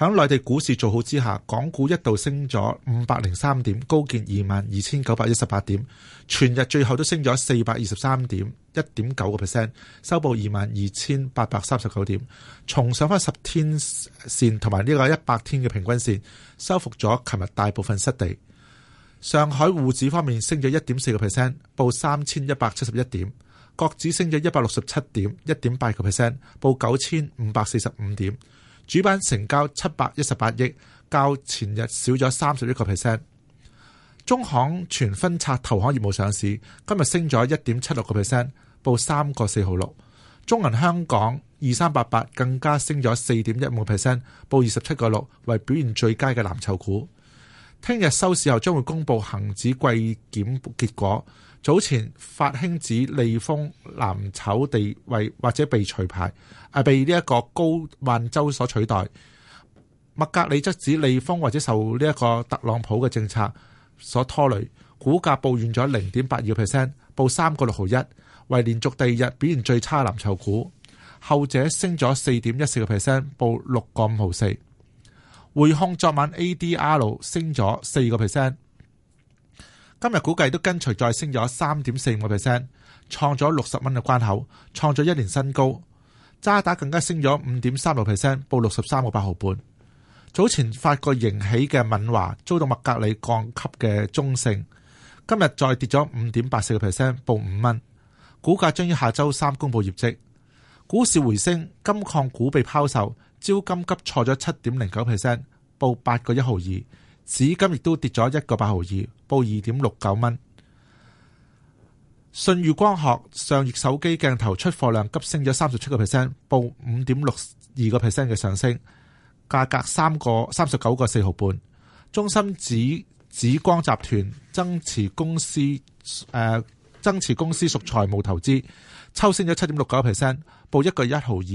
喺內地股市做好之下，港股一度升咗五百零三點，高見二萬二千九百一十八點，全日最後都升咗四百二十三點，一點九個 percent，收報二萬二千八百三十九點，重上翻十天線同埋呢個一百天嘅平均線，收復咗琴日大部分失地。上海滬指方面升咗一點四個 percent，報三千一百七十一點，國指升咗一百六十七點，一點八個 percent，報九千五百四十五點。主板成交七百一十八億，較前日少咗三十一個 percent。中行全分拆投行業務上市，今日升咗一點七六個 percent，報三個四毫六。中銀香港二三八八更加升咗四點一五個 percent，報二十七個六，為表現最佳嘅藍籌股。聽日收市後將會公布恒指季檢結果。早前法興指利豐藍籌地位或者被除牌，啊，被呢一個高萬洲所取代。麥格里則指利豐或者受呢一個特朗普嘅政策所拖累，股價報遠咗零點八二個 percent，報三個六毫一，為連續第二日表現最差藍籌股。後者升咗四點一四個 percent，報六個五毫四。匯控昨晚 ADR 升咗四個 percent。今日估計都跟隨再升咗三點四五個 percent，創咗六十蚊嘅關口，創咗一年新高。渣打更加升咗五點三六 percent，報六十三個八毫半。早前發盈警嘅敏華遭到麥格里降級嘅中性，今日再跌咗五點八四個 percent，報五蚊。股價將於下周三公佈業績。股市回升，金礦股被拋售，招金急挫咗七點零九 percent，報八個一毫二。紫金亦都跌咗一個八毫二，報二點六九蚊。舜宇光學上月手機鏡頭出貨量急升咗三十七個 percent，報五點六二個 percent 嘅上升，價格三個三十九個四毫半。中芯紫紫光集團增持公司，誒、呃、增持公司屬財務投資，抽升咗七點六九個 percent，報一個一毫二。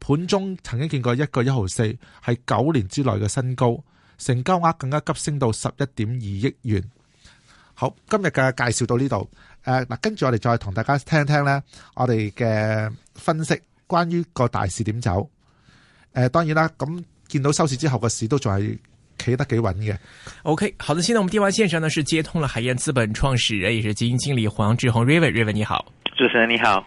盤中曾經見過一個一毫四，係九年之內嘅新高。成交額更加急升到十一點二億元。好，今日嘅介紹到呢度。誒，嗱，跟住我哋再同大家聽一聽咧，我哋嘅分析關於個大市點走。誒、呃，當然啦，咁見到收市之後嘅市都仲係企得幾穩嘅。OK，好嘅，現在我們電話線上呢是接通了海燕資本創始人，也是基金經理黃志鴻 Rawen，Rawen 你好，主持人你好。